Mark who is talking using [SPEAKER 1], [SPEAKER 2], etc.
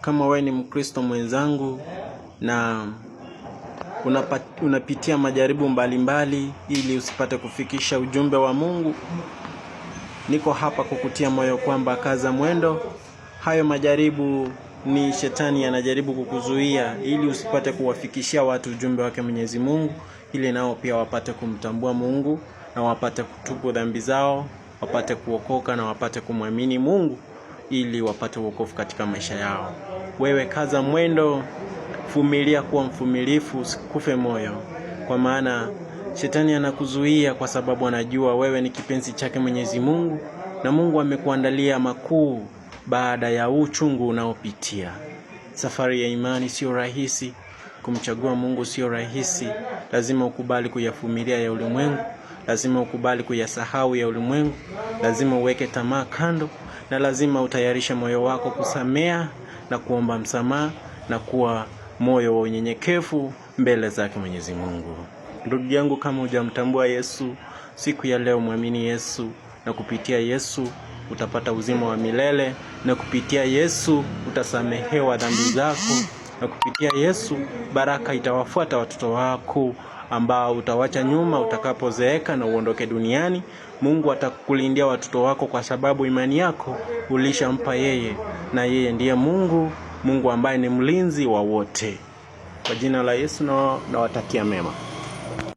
[SPEAKER 1] kama wewe ni Mkristo mwenzangu na unapitia majaribu mbalimbali mbali, ili usipate kufikisha ujumbe wa Mungu, niko hapa kukutia moyo kwamba kaza mwendo. Hayo majaribu ni shetani anajaribu kukuzuia ili usipate kuwafikishia watu ujumbe wake Mwenyezi Mungu, ili nao pia wapate kumtambua Mungu na wapate kutubu dhambi zao, wapate kuokoka na wapate kumwamini Mungu ili wapate wokovu katika maisha yao. Wewe kaza mwendo, vumilia, kuwa mfumilifu usikufe moyo, kwa maana shetani anakuzuia kwa sababu anajua wewe ni kipenzi chake Mwenyezi Mungu, na Mungu amekuandalia makuu baada ya uchungu unaopitia. Safari ya imani siyo rahisi, kumchagua Mungu siyo rahisi. Lazima ukubali kuyafumilia ya ulimwengu, lazima ukubali kuyasahau ya ulimwengu, lazima uweke tamaa kando, na lazima utayarishe moyo wako kusamea na kuomba msamaha na kuwa moyo wa unyenyekevu mbele zake Mwenyezi Mungu. Ndugu yangu, kama hujamtambua Yesu siku ya leo, mwamini Yesu na kupitia Yesu utapata uzima wa milele na kupitia Yesu utasamehewa dhambi zako na kupitia Yesu baraka itawafuata watoto wako ambao utawacha nyuma utakapozeeka na uondoke duniani. Mungu atakulindia watoto wako kwa sababu imani yako ulishampa yeye, na yeye ndiye Mungu, Mungu ambaye ni mlinzi wa wote. Kwa jina la Yesu nawatakia mema.